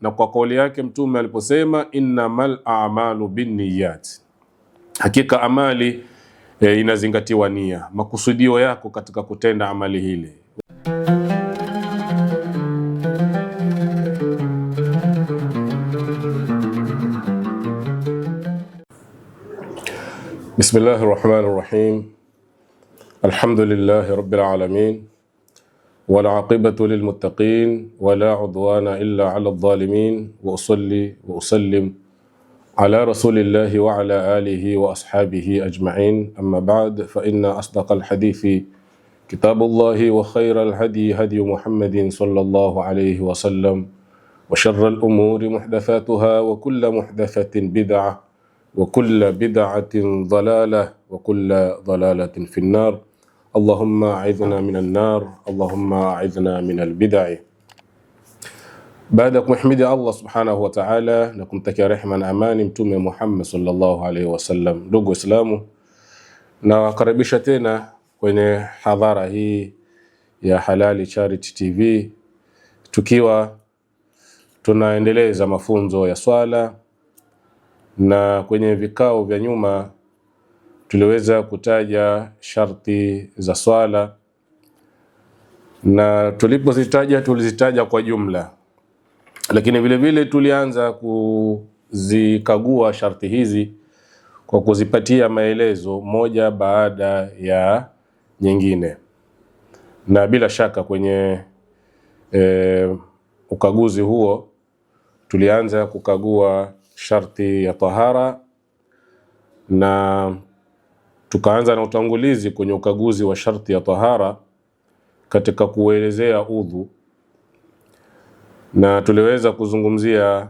na kwa kauli yake Mtume aliposema innamal a'malu binniyat, hakika amali e, inazingatiwa nia, makusudio yako katika kutenda amali hili. Bismillahir Rahmanir Rahim, alhamdulillahi rabbil alamin والعاقبة للمتقين ولا عدوان إلا على الظالمين وأصلي وأسلم على رسول الله وعلى آله وأصحابه أجمعين أما بعد فإن أصدق الحديث كتاب الله وخير الهدي هدي محمد صلى الله عليه وسلم وشر الأمور محدثاتها وكل محدثة بدعة وكل بدعة ضلالة وكل ضلالة في النار Allahumma aidhna min alnar, Allahumma aidhna min albidai. Baada ya kumhimidi Allah subhanahu wa ta'ala na kumtakia rehma na amani Mtume Muhammad sallallahu alaihi wasallam, ndugu Waislamu, nawakaribisha tena kwenye hadhara hii ya Halali Charity TV tukiwa tunaendeleza mafunzo ya swala, na kwenye vikao vya nyuma tuliweza kutaja sharti za swala na tulipozitaja tulizitaja kwa jumla, lakini vile vile tulianza kuzikagua sharti hizi kwa kuzipatia maelezo moja baada ya nyingine, na bila shaka kwenye e, ukaguzi huo tulianza kukagua sharti ya tahara na Tukaanza na utangulizi kwenye ukaguzi wa sharti ya tahara katika kuelezea udhu, na tuliweza kuzungumzia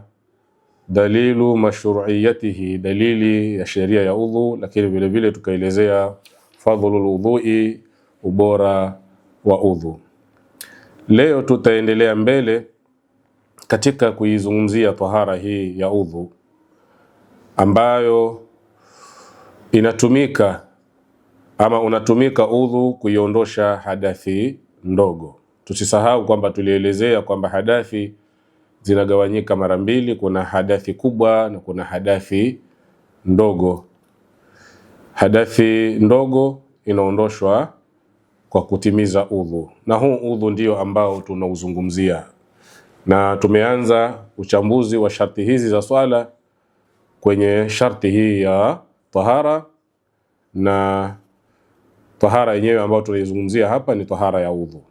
dalilu mashru'iyatihi, dalili ya sheria ya udhu, lakini vile vile tukaelezea fadhlul udhui, ubora wa udhu. Leo tutaendelea mbele katika kuizungumzia tahara hii ya udhu ambayo inatumika ama unatumika udhu kuiondosha hadathi ndogo. Tusisahau kwamba tulielezea kwamba hadathi zinagawanyika mara mbili, kuna hadathi kubwa na kuna hadathi ndogo. Hadathi ndogo inaondoshwa kwa kutimiza udhu, na huu udhu ndio ambao tunauzungumzia, na tumeanza uchambuzi wa sharti hizi za swala kwenye sharti hii ya tahara na tahara yenyewe ambayo tunaizungumzia hapa ni tahara ya udhu.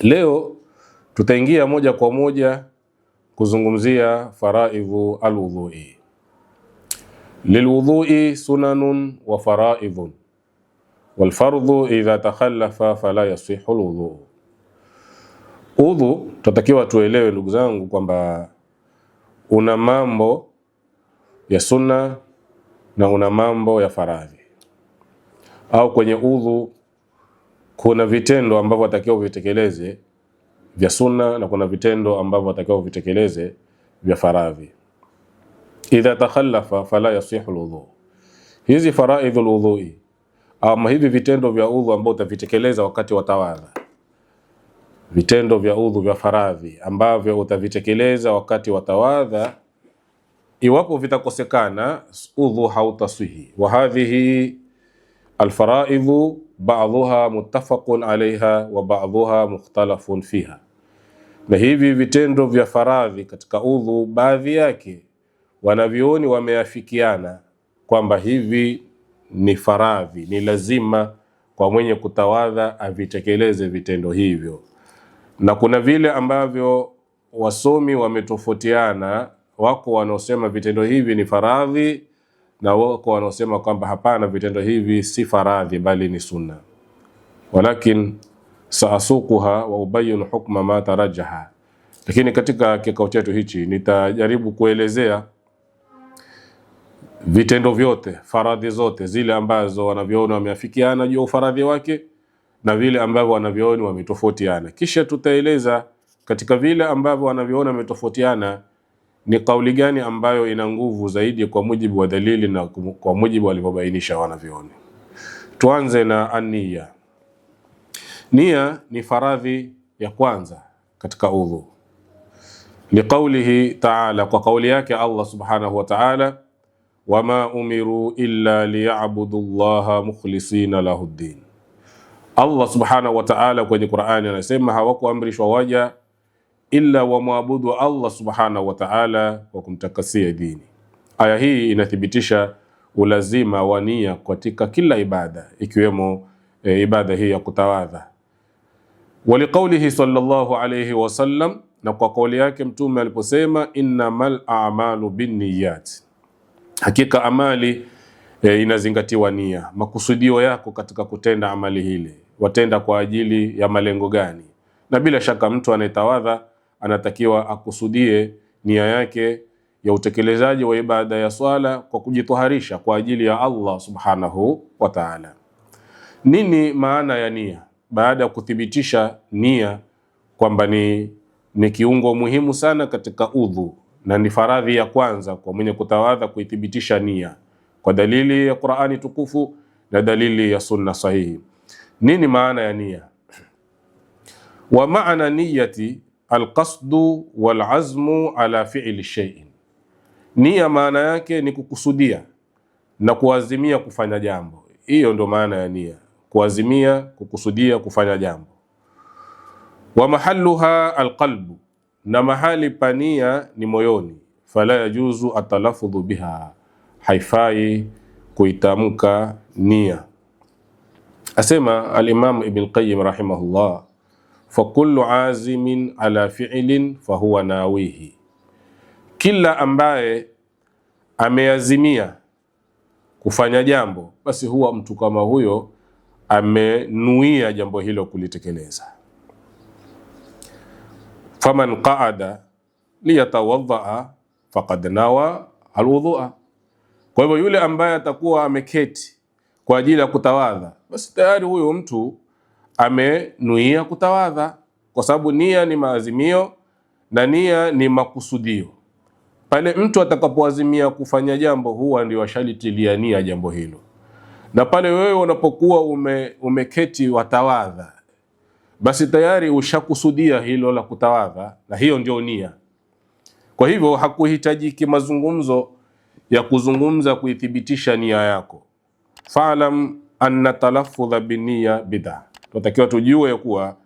Leo tutaingia moja kwa moja kuzungumzia faraidhu alwudhui. Lilwudhui sunanun wa faraidhun walfardhu idha takhallafa fala yasihu lwudhu. Udhu tunatakiwa tuelewe, ndugu zangu, kwamba una mambo ya sunna na una mambo ya faradhi au kwenye udhu kuna vitendo ambavyo watakiwa uvitekeleze vya sunna na kuna vitendo ambavyo watakiwa uvitekeleze vya faradhi. Idha takhallafa fala yasihu alwudhu, hizi faraidhul wudhui ama hivi vitendo vya udhu ambao utavitekeleza wakati wa tawadha, vitendo vya udhu vya faradhi ambavyo utavitekeleza wakati wa tawadha, iwapo vitakosekana udhu hautaswihi. wa hadhihi alfaraidhu baadhuha muttafaqun alaiha wa baadhuha mukhtalafun fiha, na hivi vitendo vya faradhi katika udhu baadhi yake wanavyoni wameafikiana kwamba hivi ni faradhi, ni lazima kwa mwenye kutawadha avitekeleze vitendo hivyo, na kuna vile ambavyo wasomi wametofautiana, wako wanaosema vitendo hivi ni faradhi na wako wanaosema kwamba hapana, vitendo hivi si faradhi bali ni sunna. Walakin saasukuha wa ubayinu hukma ma tarajaha, lakini katika kikao chetu hichi nitajaribu kuelezea vitendo vyote, faradhi zote zile ambazo wanavyoona wameafikiana juu ya ufaradhi wake na vile ambavyo wanavyoona wametofautiana, kisha tutaeleza katika vile ambavyo wanavyoona wametofautiana ni kauli gani ambayo ina nguvu zaidi kwa mujibu wa dalili na kwa mujibu walivyobainisha wanavyuoni? Tuanze na ania. Nia ni faradhi ya kwanza katika udhu, liqaulihi taala, kwa kauli yake Allah subhanahu wa taala, wama umiru illa liyabudu llaha mukhlisina lahu ddin. Allah subhanahu wa taala kwenye Qur'ani anasema hawakuamrishwa waja illa wamwabudu Allah subhanahu wa ta'ala wa kumtakasia dini. Aya hii inathibitisha ulazima wa nia katika kila ibada ikiwemo e, ibada hii ya kutawadha. Waliqaulihi sallallahu alayhi sallam, na kwa kauli yake Mtume aliposema innamal a'malu binniyat, hakika amali e, inazingatiwa nia, makusudio yako katika kutenda amali hili, watenda kwa ajili ya malengo gani? Na bila shaka mtu anayetawadha anatakiwa akusudie nia yake ya utekelezaji wa ibada ya swala kwa kujitoharisha kwa ajili ya Allah subhanahu wa ta'ala. Nini maana ya nia? Baada ya kuthibitisha nia kwamba ni, ni kiungo muhimu sana katika udhu na ni faradhi ya kwanza kwa mwenye kutawadha kuithibitisha nia kwa dalili ya Qur'ani tukufu na dalili ya sunna sahihi. Nini maana ya nia? Wa maana niyati alqasdu walazmu ala fi'li shay'in, nia maana yake ni kukusudia na kuazimia kufanya jambo. Hiyo ndo maana ya nia, kuazimia, kukusudia kufanya jambo. Wa mahalluha alqalbu, na mahali pa nia ni moyoni. Fala yajuzu atalafudhu biha, haifai kuitamka nia. Asema alimamu Ibn Qayyim rahimahullah fa kullu azimin ala fi'lin fa huwa nawihi, kila ambaye ameazimia kufanya jambo basi huwa mtu kama huyo amenuia jambo hilo kulitekeleza. faman qaada liyatawadhaa faqad nawa alwudhua, kwa hivyo yule ambaye atakuwa ameketi kwa ajili ya kutawadha, basi tayari huyo mtu amenuia kutawadha, kwa sababu nia ni maazimio na nia ni makusudio. Pale mtu atakapoazimia kufanya jambo, huwa ndio ashalitilia nia jambo hilo. Na pale wewe unapokuwa ume, umeketi watawadha, basi tayari ushakusudia hilo la kutawadha, na hiyo ndio nia. Kwa hivyo hakuhitajiki mazungumzo ya kuzungumza kuithibitisha nia yako. Faalam anna talaffudha binniya bid'a tunatakiwa tujue kuwa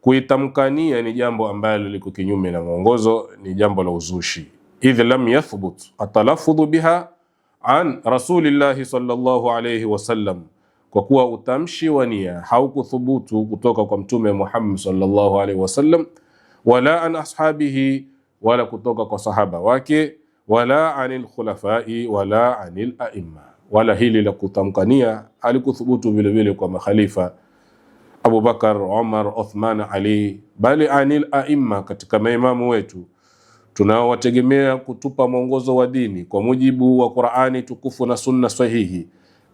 kuitamkania ni jambo ambalo liko kinyume na mwongozo, ni jambo la uzushi. Idh lam yathbut atalafudhu biha an rasulillahi sallallahu alayhi wasallam, kwa kuwa utamshi wa nia haukuthubutu kutoka kwa Mtume Muhammad sallallahu alayhi wasallam, wala an ashabihi, wala kutoka kwa sahaba wake, wala anil khulafai, wala anil aima, wala hili la kutamkania halikuthubutu vilevile kwa makhalifa Abubakar, Omar, uthman Ali, bali anil aima, katika maimamu wetu tunaowategemea kutupa mwongozo wa dini kwa mujibu wa Qur'ani tukufu na sunna sahihi.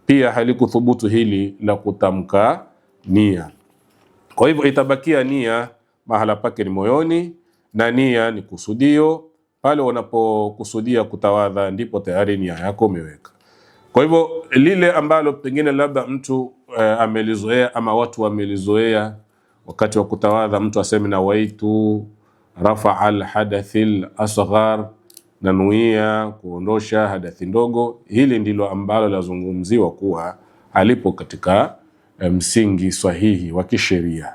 Pia halikuthubutu hili la kutamka nia. Kwa hivyo itabakia nia mahala pake ni moyoni, na nia ni kusudio. Pale unapokusudia kutawadha, ndipo tayari nia yako umeweka. Kwa hivyo lile ambalo pengine labda mtu Eh, amelizoea ama watu wamelizoea, wakati wa kutawadha mtu aseme na waitu rafa al hadathil asghar, nanuia kuondosha hadathi ndogo. Hili ndilo ambalo lazungumziwa kuwa alipo katika eh, msingi sahihi wa kisheria.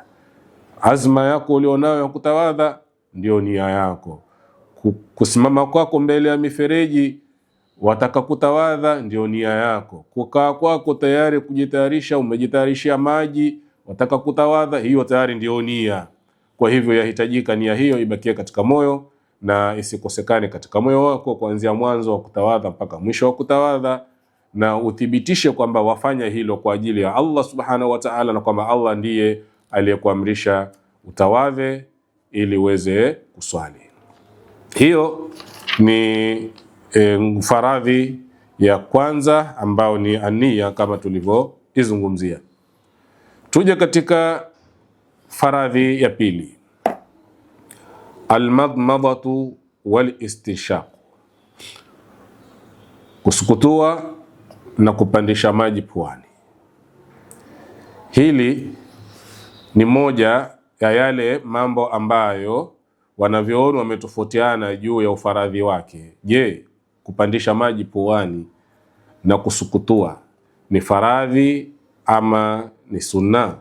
Azma yako ulionayo ya kutawadha ndio nia yako, kusimama kwako mbele ya mifereji watakakutawadha ndio nia yako. Kukaa kwako tayari kujitayarisha, umejitayarishia maji, watakakutawadha hiyo tayari ndio nia. Kwa hivyo yahitajika nia hiyo ibakie katika moyo na isikosekane katika moyo wako kuanzia mwanzo wa kutawadha mpaka mwisho wa kutawadha, na uthibitishe kwamba wafanya hilo kwa ajili ya Allah subhanahu wa ta'ala, na kwamba Allah ndiye aliyekuamrisha utawadhe ili uweze kuswali. Hiyo ni e, faradhi ya kwanza ambao ni ania kama tulivyoizungumzia. Tuje katika faradhi ya pili, almadmadatu walistinshaq, kusukutua na kupandisha maji puani. Hili ni moja ya yale mambo ambayo wanavyoona wametofautiana juu ya ufaradhi wake. Je, kupandisha maji puani na kusukutua ni faradhi ama ni sunna?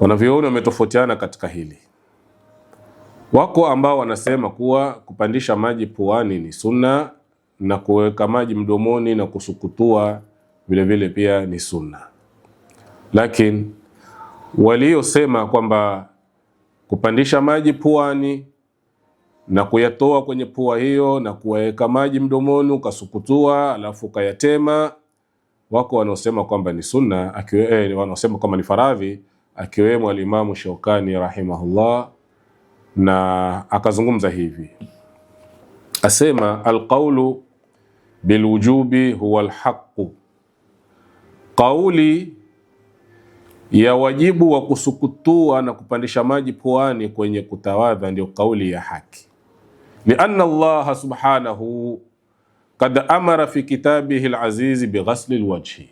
Wanavyoona wametofautiana katika hili. Wako ambao wanasema kuwa kupandisha maji puani ni sunna na kuweka maji mdomoni na kusukutua vilevile pia ni sunna, lakini waliosema kwamba kupandisha maji puani na kuyatoa kwenye pua hiyo na kuwaweka maji mdomoni, ukasukutua, alafu ukayatema. Wako wanaosema kwamba ni sunna akiwe, eh, wanaosema kwamba ni faradhi akiwemo alimamu Shaukani rahimahullah, na akazungumza hivi asema, alqaulu bilwujubi huwa alhaqu, qauli ya wajibu wa kusukutua na kupandisha maji puani kwenye kutawadha ndio kauli ya haki ni anna Allaha subhanahu kad amara fi kitabihi lazizi azizi bighasli lwajhi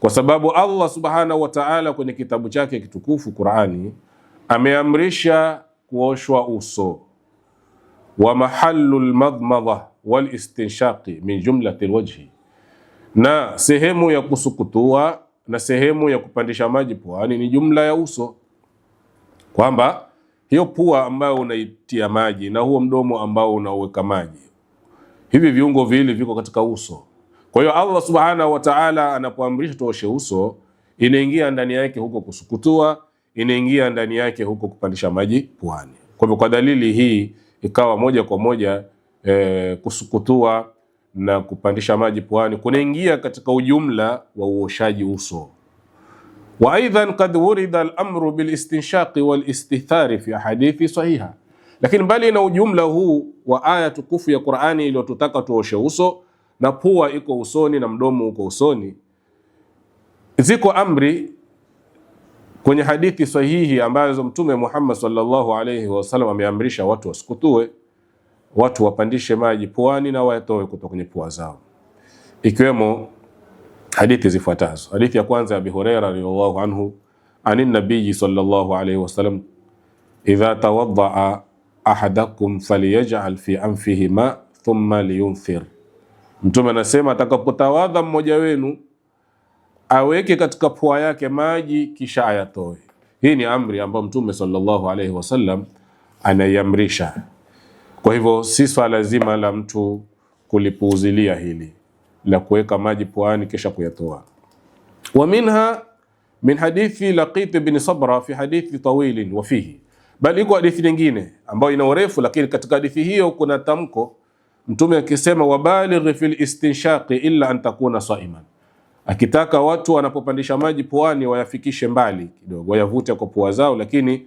kwa sababu Allah subhanahu wa ta'ala kwenye kitabu chake kitukufu Qur'ani ameamrisha kuoshwa uso wa mahallu lmadmadha walistinshaqi min jumlati lwajhi, na sehemu ya kusukutua na sehemu ya kupandisha maji puani ni jumla ya uso, kwamba hiyo pua ambayo unaitia maji na huo mdomo ambao unaoweka maji, hivi viungo viwili viko katika uso. Kwa hiyo Allah subhanahu wa ta'ala anapoamrisha tuoshe uso, inaingia ndani yake huko kusukutua, inaingia ndani yake huko kupandisha maji puani. Kwa hivyo kwa dalili hii ikawa moja kwa moja e, kusukutua na kupandisha maji puani kunaingia katika ujumla wa uoshaji uso wa aidhan qad wurida lamru bilistinshaqi walistithari fi ahadithi sahiha. Lakini mbali na ujumla huu wa aya tukufu ya Qur'ani iliyotutaka tuoshe uso na pua iko usoni na mdomo uko usoni, ziko amri kwenye hadithi sahihi ambazo Mtume Muhammad sallallahu alayhi wasallam ameamrisha watu wasikutue, watu wapandishe maji puani na wayatoe kutoka kwenye pua zao, ikiwemo hadithi zifuatazo. Hadithi ya kwanza ya Abi Huraira anhu, ani nabiyyi sallallahu alayhi wasallam, idha tawaddaa ahadakum falyaj'al fi anfihi ma thumma liyunthir. Mtume anasema atakapotawadha mmoja wenu aweke katika pua yake maji kisha ayatoe. Hii ni amri ambayo Mtume sallallahu alayhi wasallam anaiamrisha. Kwa hivyo si swala zima la mtu kulipuuzilia hili la kuweka maji puani kisha kuyatoa. Wa minha min hadithi Laqit ibn Sabra fi hadithi tawilin wa fihi, bali iko hadithi nyingine ambayo ina urefu, lakini katika hadithi hiyo kuna tamko Mtume akisema wa wabalighi fil istinshaqi illa an takuna saiman, akitaka watu wanapopandisha maji puani wayafikishe mbali kidogo, wayavute kwa pua zao, lakini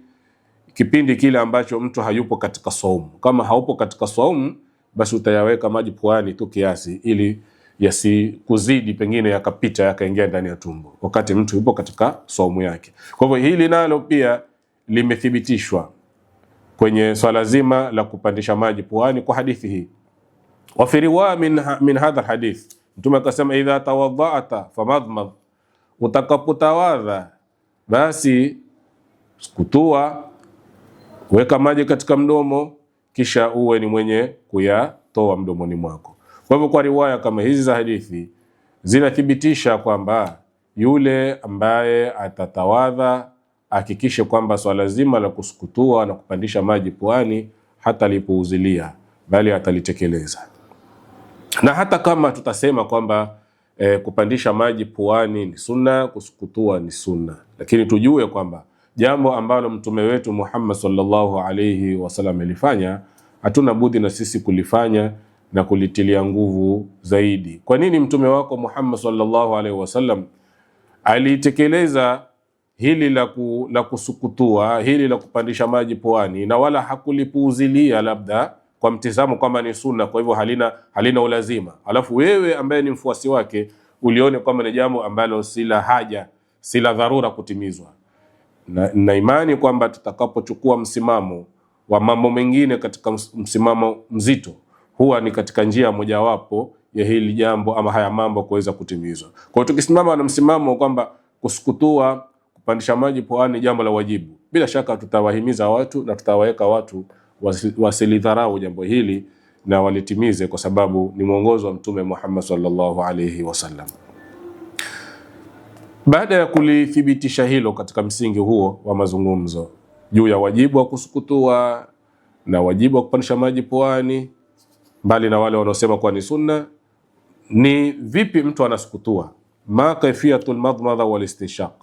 kipindi kile ambacho mtu hayupo katika saumu. Kama haupo katika saumu, basi utayaweka maji puani tu kiasi, ili yasikuzidi pengine yakapita yakaingia ndani ya tumbo wakati mtu yupo katika saumu yake. Kwa hivyo hili nalo pia limethibitishwa kwenye swala zima la kupandisha maji puani kwa hadithi hii. Wa fi riwaya min, min hadha hadith Mtume akasema idha tawadhaata famadhmadh, utakapotawadha basi kutua, weka maji katika mdomo, kisha uwe ni mwenye kuyatoa mdomoni mwako. Kwa hivyo kwa riwaya kama hizi za hadithi zinathibitisha kwamba yule ambaye atatawadha hakikishe kwamba swala zima la kusukutua na kupandisha maji puani hata hatalipuuzilia, bali atalitekeleza. Na hata kama tutasema kwamba e, kupandisha maji puani ni sunna, kusukutua ni sunna, lakini tujue kwamba jambo ambalo mtume wetu Muhammad sallallahu alaihi wasallam alifanya hatuna budi na sisi kulifanya na kulitilia nguvu zaidi. Kwa nini mtume wako Muhammad sallallahu alaihi wasallam alitekeleza hili la, ku, la kusukutua hili la kupandisha maji puani, na wala hakulipuuzilia labda kwa mtizamo kwamba ni sunna, kwa hivyo halina, halina ulazima, alafu wewe ambaye ni mfuasi wake ulione kwamba ni jambo ambalo si la haja, si la dharura kutimizwa, na, na imani kwamba tutakapochukua msimamo wa mambo mengine katika msimamo mzito huwa ni katika njia mojawapo ya hili jambo ama haya mambo kuweza kutimizwa. Kwa hiyo tukisimama na msimamo kwamba kusukutua, kupandisha maji puani jambo la wajibu, bila shaka tutawahimiza watu na tutawaweka watu wasilidharau jambo hili na walitimize, kwa sababu ni mwongozo wa Mtume Muhammad sallallahu alaihi wasallam. Baada ya kulithibitisha hilo katika msingi huo wa mazungumzo juu ya wajibu wa kusukutua na wajibu wa kupandisha maji puani mbali na wale wanaosema kuwa ni sunna. Ni vipi mtu anasukutua? ma kaifiyatul madmadha wal istinshaq,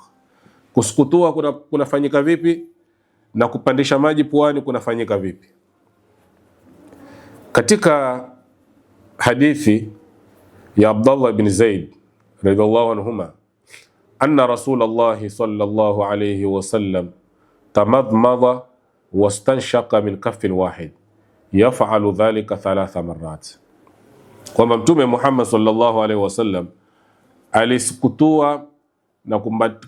kusukutua kuna kunafanyika vipi na kupandisha maji puani kunafanyika vipi? Katika hadithi ya Abdullah bin Zaid radhiallahu anhuma anna rasulullah sallallahu alayhi wasallam tamadmadha wastanshaqa min kaffin wahid yafalu dhalika thalatha marat, kwamba Mtume Muhammad sallallahu alaihi wasallam alisukutua na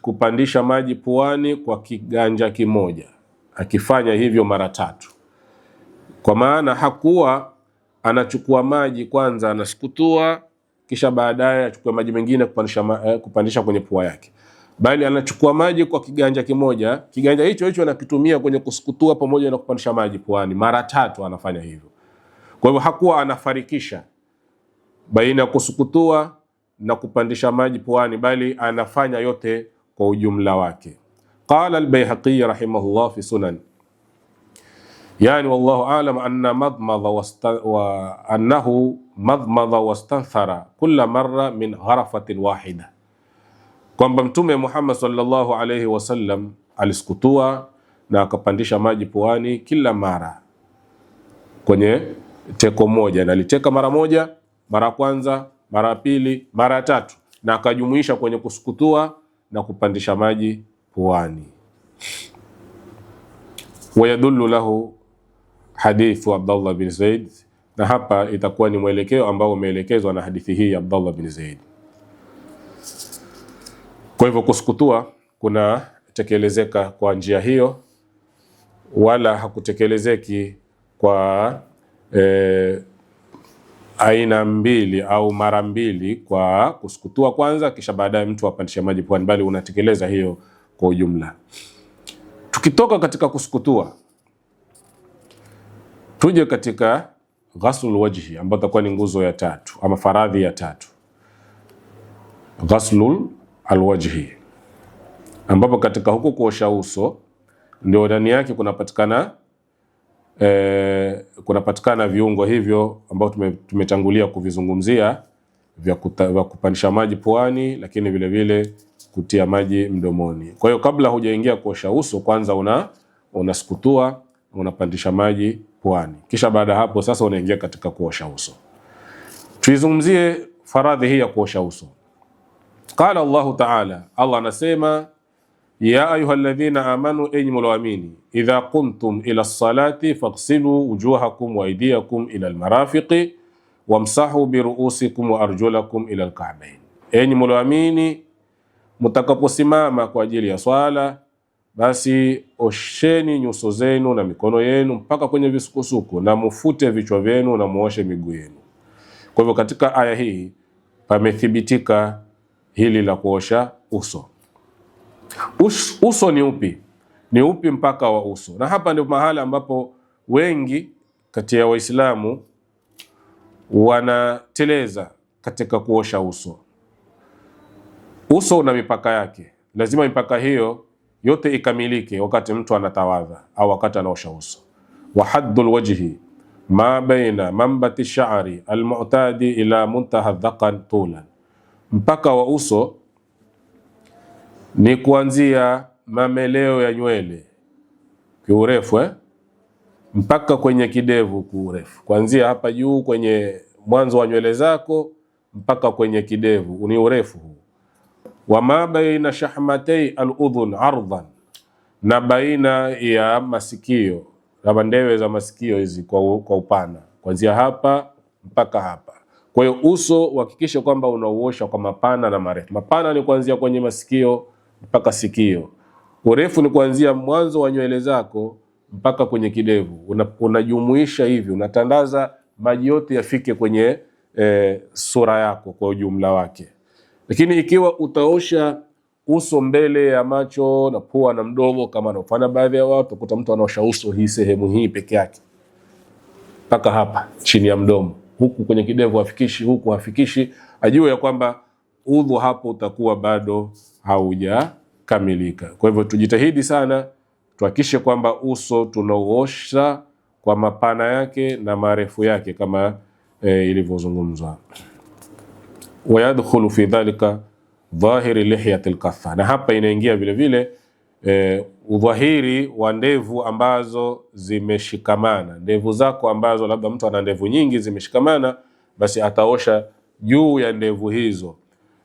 kupandisha maji puani kwa kiganja kimoja, akifanya hivyo mara tatu, kwa maana hakuwa anachukua maji kwanza anasukutua, kisha baadaye achukue maji mengine kupandisha, eh, kupandisha kwenye pua yake bali anachukua maji kwa kiganja kimoja, kiganja hicho hicho anakitumia kwenye kusukutua pamoja na kupandisha maji puani. Mara tatu anafanya hivyo. Kwa hivyo hakuwa anafarikisha baina ya kusukutua na kupandisha maji puani, bali anafanya yote kwa ujumla wake. Qala al-Baihaqi rahimahullah fi sunan yani wallahu alam anna madmadha wa annahu madmadha wastanthara kulla marra min gharafatin wahida kwamba Mtume Muhammad sallallahu alaihi wasallam alisukutua na akapandisha maji puani kila mara kwenye teko moja, na aliteka mara moja, mara kwanza, mara pili, mara tatu, na akajumuisha kwenye kusukutua na kupandisha maji puani. Wayadullu lahu hadithu Abdallah bin Zaid, na hapa itakuwa ni mwelekeo ambao umeelekezwa na hadithi hii ya Abdallah bin Zaid. Kwa hivyo kusukutua kunatekelezeka kwa njia hiyo, wala hakutekelezeki kwa e, aina mbili au mara mbili, kwa kusukutua kwanza, kisha baadaye mtu apandishe maji pwani, bali unatekeleza hiyo kwa ujumla. Tukitoka katika kusukutua, tuje katika ghaslul wajhi ambayo itakuwa ni nguzo ya tatu ama faradhi ya tatu, ghaslul alwajhi, ambapo katika huku kuosha uso ndio ndani yake kunapatikana e, kunapatikana viungo hivyo ambao tumetangulia kuvizungumzia vya, vya kupandisha maji puani, lakini vile vile kutia maji mdomoni. Kwa hiyo kabla hujaingia kuosha uso, kwanza una unasukutua unapandisha maji puani, kisha baada hapo sasa unaingia katika kuosha uso. Tuizungumzie faradhi hii ya kuosha uso. Qala Allahu taala, Allah anasema ya ayuha alladhina amanu, enyi mulioamini, idha qumtum ila lsalati faghsilu wujuhakum wa aydiyakum ila lmarafiqi wamsahu biruusikum wa arjulakum ila lkaabain, enyi mulioamini, mtakaposimama kwa ajili ya swala, basi osheni nyuso zenu na mikono yenu mpaka kwenye visukusuku na mufute vichwa vyenu na muoshe miguu yenu. Kwa hivyo katika aya hii pamethibitika hili la kuosha uso. Us, uso ni upi? Ni upi mpaka wa uso? Na hapa ndio mahala ambapo wengi kati ya Waislamu wanateleza katika kuosha uso. Uso una mipaka yake, lazima mipaka hiyo yote ikamilike wakati mtu anatawadha au wakati anaosha uso. wa haddul wajhi ma baina mambati sha'ri almu'tadi ila muntaha dhaqan tulan mpaka wa uso ni kuanzia mameleo ya nywele kiurefu eh? mpaka kwenye kidevu kiurefu, kuanzia hapa juu kwenye mwanzo wa nywele zako mpaka kwenye kidevu ni urefu huu. wa ma baina shahmatei aludhun ardhan, na baina ya masikio na ndewe za masikio hizi kwa, kwa upana kuanzia hapa mpaka hapa kwa hiyo uso uhakikishe kwamba unauosha kwa mapana na marefu. Mapana ni kuanzia kwenye masikio mpaka sikio, urefu ni kuanzia mwanzo wa nywele zako mpaka kwenye kidevu. Una, unajumuisha hivi, unatandaza maji yote yafike kwenye e, sura yako kwa ujumla wake. Lakini ikiwa utaosha uso mbele ya macho na pua na mdomo, kama anafanya baadhi ya watu, kuta mtu anaosha uso hii sehemu hii peke yake mpaka hapa chini ya mdomo huku kwenye kidevu hafikishi, huku hafikishi, ajue ya kwamba udhu hapo utakuwa bado haujakamilika. Kwa hivyo tujitahidi sana, tuhakikishe kwamba uso tunauosha kwa mapana yake na marefu yake kama e, ilivyozungumzwa. Wayadkhulu fi dhalika dhahiri lihyati lkatha, na hapa inaingia vilevile e, udhahiri wa ndevu ambazo zimeshikamana. Ndevu zako ambazo labda mtu ana ndevu nyingi zimeshikamana, basi ataosha juu ya ndevu hizo,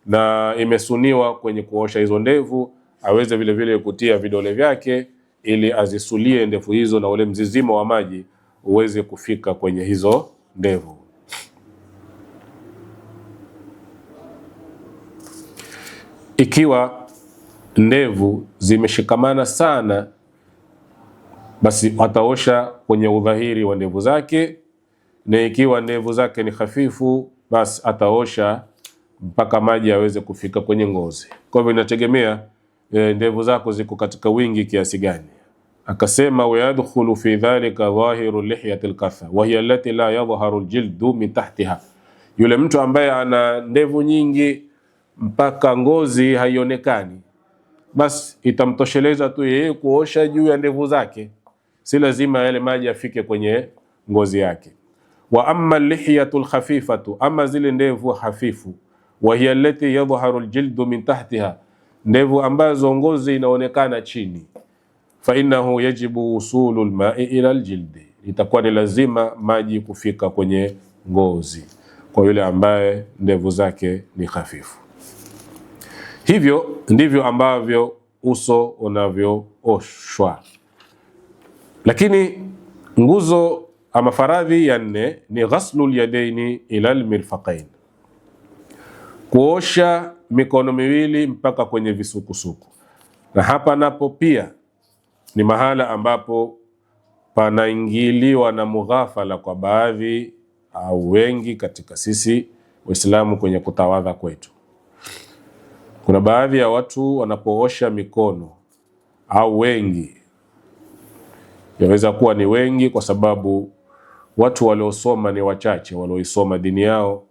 na imesuniwa kwenye kuosha hizo ndevu aweze vile vile kutia vidole vyake ili azisulie ndevu hizo na ule mzizimo wa maji uweze kufika kwenye hizo ndevu. Ikiwa ndevu zimeshikamana sana, basi ataosha kwenye udhahiri wa ndevu zake, na ikiwa ndevu zake ni hafifu, basi ataosha mpaka maji aweze kufika kwenye ngozi. Kwa hivyo inategemea e, ndevu zako ziko katika wingi kiasi gani. Akasema wayadkhulu fi dhalika dhahiru lihyati lkatha hiya allati la yadhharu ljildu min tahtiha, yule mtu ambaye ana ndevu nyingi mpaka ngozi haionekani basi itamtosheleza tu yeye kuosha juu ya ndevu zake, si lazima yale maji afike kwenye ngozi yake. Wa amma lihiyatu lkhafifatu, ama zile ndevu hafifu, wa hiya allati yadhharu ljildu min tahtiha, ndevu ambazo ngozi inaonekana chini. Fa innahu yajibu usulu lmai ila ljildi, itakuwa ni lazima maji kufika kwenye ngozi kwa yule ambaye ndevu zake ni hafifu. Hivyo ndivyo ambavyo uso unavyooshwa. Lakini nguzo ama faradhi ya nne ni ghaslul yadaini ila lmirfaqain, kuosha mikono miwili mpaka kwenye visukusuku. Na hapa napo pia ni mahala ambapo panaingiliwa na mughafala kwa baadhi au wengi katika sisi Waislamu kwenye kutawadha kwetu. Kuna baadhi ya watu wanapoosha mikono au wengi, yaweza kuwa ni wengi kwa sababu watu waliosoma ni wachache, walioisoma dini yao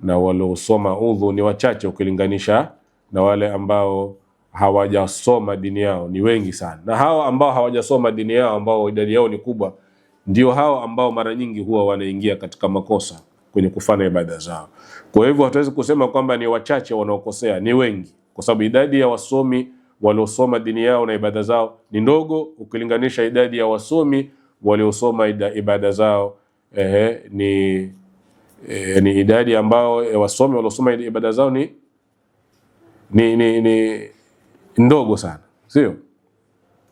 na waliosoma udhu ni wachache ukilinganisha na wale ambao hawajasoma dini yao ni wengi sana, na hao ambao hawajasoma dini yao ambao idadi yao ni kubwa, ndio hao ambao mara nyingi huwa wanaingia katika makosa kwenye kufanya ibada zao. Kwa hivyo hatuwezi kusema kwamba ni wachache wanaokosea, ni wengi, kwa sababu idadi ya wasomi waliosoma dini yao na ibada zao ni ndogo ukilinganisha idadi ya wasomi waliosoma ibada zao ehe, ni, e, ni idadi ambao e, wasomi waliosoma ibada zao ni, ni, ni, ni ndogo sana, sio?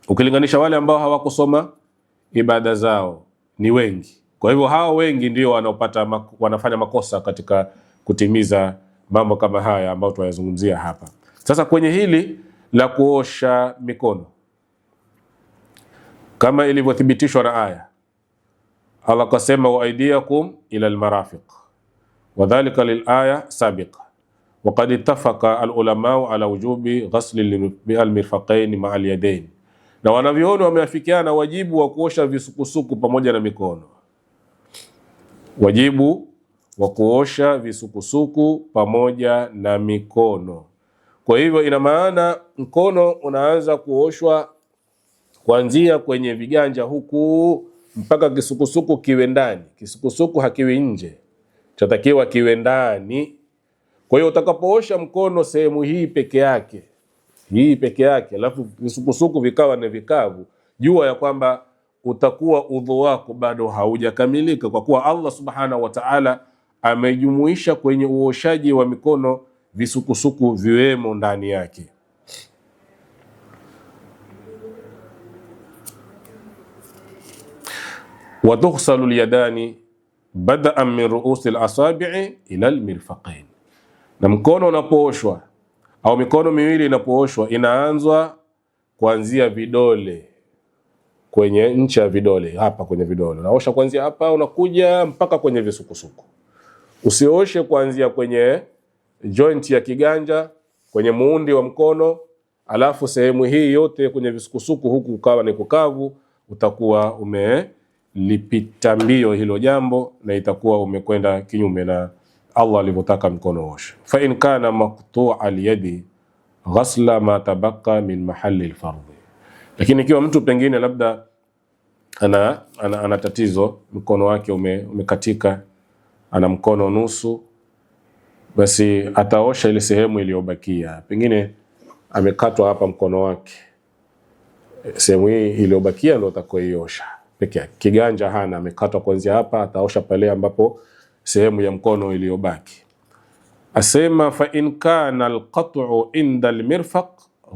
Ukilinganisha wale ambao hawakusoma ibada zao ni wengi. Kwa hivyo hao wengi ndio wanaopata wanafanya makosa katika kutimiza mambo kama haya ambayo tunayazungumzia hapa. Sasa kwenye hili la kuosha mikono kama ilivyothibitishwa na aya, Allah kasema wa aidiakum ila almarafiq wadhalika lilaya sabiqa wakad ittafaqa alulamau ala wujubi ghasli almirfaqaini maa alyadain, na wanavyoona wameafikiana wajibu wa kuosha visukusuku pamoja na mikono, wajibu wa kuosha visukusuku pamoja na mikono. Kwa hivyo ina maana mkono unaanza kuoshwa kuanzia kwenye viganja huku mpaka kisukusuku kiwe ndani. Kisukusuku hakiwi nje, chatakiwa kiwe ndani. Kwa hiyo utakapoosha mkono sehemu hii peke yake hii peke yake, alafu visukusuku vikawa na vikavu, jua ya kwamba utakuwa udhu wako bado haujakamilika, kwa kuwa Allah subhanahu wa ta'ala amejumuisha kwenye uoshaji wa mikono visukusuku viwemo ndani yake. watughsalu lyadani badaan min ruusi lasabii ila lmirfaqain, na mkono unapooshwa au mikono miwili inapooshwa inaanzwa kuanzia vidole kwenye ncha ya vidole hapa, kwenye vidole unaosha kuanzia hapa unakuja mpaka kwenye visukusuku. Usioshe kuanzia kwenye joint ya kiganja, kwenye muundi wa mkono, alafu sehemu hii yote kwenye visukusuku huku ukawa ni kukavu, utakuwa umelipita mbio hilo jambo na itakuwa umekwenda kinyume na Allah alivyotaka mkono uoshe. Fa in kana maqtua alyadi ghasla ma tabaqa min mahali alfardhi. Lakini ikiwa mtu pengine labda ana, ana, ana tatizo mkono wake ume, umekatika ana mkono nusu, basi ataosha ile sehemu iliyobakia. Pengine amekatwa hapa mkono wake, sehemu hii iliyobakia ndio atakayoiosha peke yake. Kiganja hana, amekatwa kuanzia hapa, ataosha pale ambapo sehemu ya mkono iliyobaki. Asema fa in kana alqat'u inda almirfaq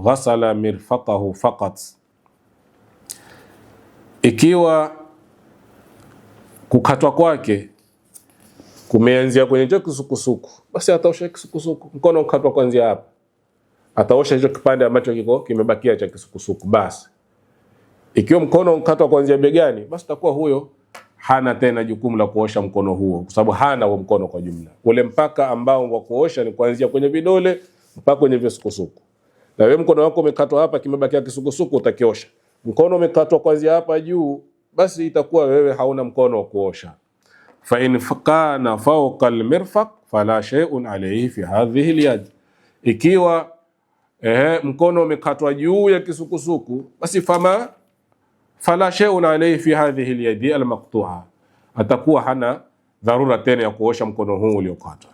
ghasala mirfaqahu faqat, ikiwa kukatwa kwake kumeanzia kwenye hicho kisukusuku, basi ataosha kisukusuku, mkono ukatwa kuanzia hapa, ataosha hicho kipande ambacho kiko kimebakia cha kisukusuku. Basi ikiwa mkono ukatwa kuanzia begani, basi takuwa huyo hana tena jukumu la kuosha mkono huo, kwa sababu hana huo mkono kwa jumla. Ule mpaka ambao wa kuosha ni kuanzia kwenye vidole mpaka kwenye visukusuku. Na wewe mkono wako umekatwa hapa, kimebakia kisukusuku, utakiosha. Mkono umekatwa kuanzia hapa juu, basi itakuwa wewe hauna mkono wa kuosha fa kana fauka lmirfaq fala shay'un alayhi fi hadhihi alyad, ikiwa eh, mkono umekatwa juu ya kisukusuku basi fama fala shay'un alaihi fi hadhihi lyadi almaqtu'a, atakuwa hana dharura tena ya kuosha mkono huu uliokatwa.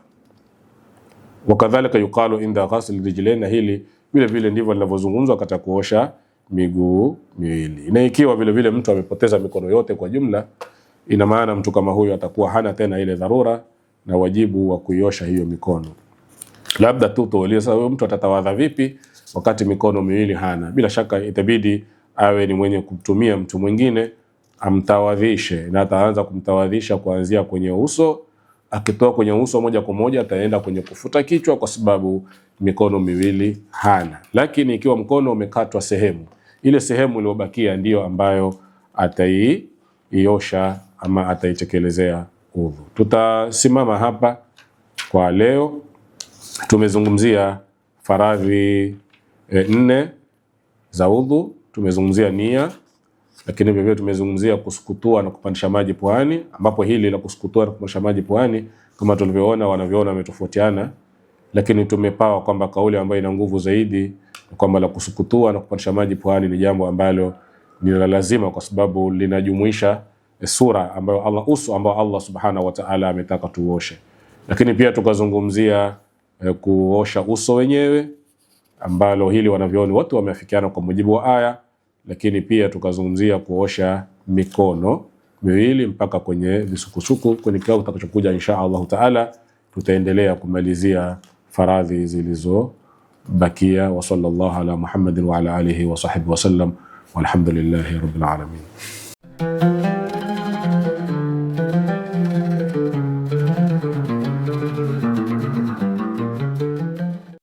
Wakadhalika yuqalu inda ghasl rijlain, na hili vile vile ndivyo linavyozungumzwa katika kuosha miguu miwili. Na ikiwa vile vile mtu amepoteza mikono yote kwa jumla ina maana mtu kama huyo atakuwa hana tena ile dharura na wajibu wa kuiosha hiyo mikono. Labda tu tuulize sasa, huyo mtu atatawadha vipi wakati mikono miwili hana? Bila shaka itabidi awe ni mwenye kumtumia mtu mwingine amtawadhishe, na ataanza kumtawadhisha kuanzia kwenye uso. Akitoa kwenye uso moja kwa moja ataenda kwenye kufuta kichwa, kwa sababu mikono miwili hana. Lakini ikiwa mkono umekatwa sehemu, ile sehemu iliyobakia ndiyo ambayo ataiosha ama ataitekelezea udhu. Tutasimama hapa kwa leo. Tumezungumzia faradhi e, nne za udhu, tumezungumzia nia, lakini vivyo tumezungumzia kusukutua na kupandisha maji puani, ambapo hili la kusukutua na kupandisha maji puani kama tulivyoona wanavyoona wametofautiana, lakini tumepawa kwamba kauli ambayo ina nguvu zaidi kwamba la kusukutua na kupandisha maji puani ni jambo ambalo ni la lazima, kwa sababu linajumuisha sura ambayo Allah, uso ambao Allah subhanahu wa ta'ala ametaka tuoshe, lakini pia tukazungumzia eh, kuosha uso wenyewe ambalo hili wanavyoni watu wameafikiana kwa mujibu wa aya, lakini pia tukazungumzia kuosha mikono miwili mpaka kwenye visukusuku. Kwenye kikao kitakachokuja insha Allahu taala tutaendelea kumalizia faradhi zilizobakia. wa sallallahu ala Muhammadin wa ala alihi wa sahbihi wasallam walhamdulillahi rabbil alamin.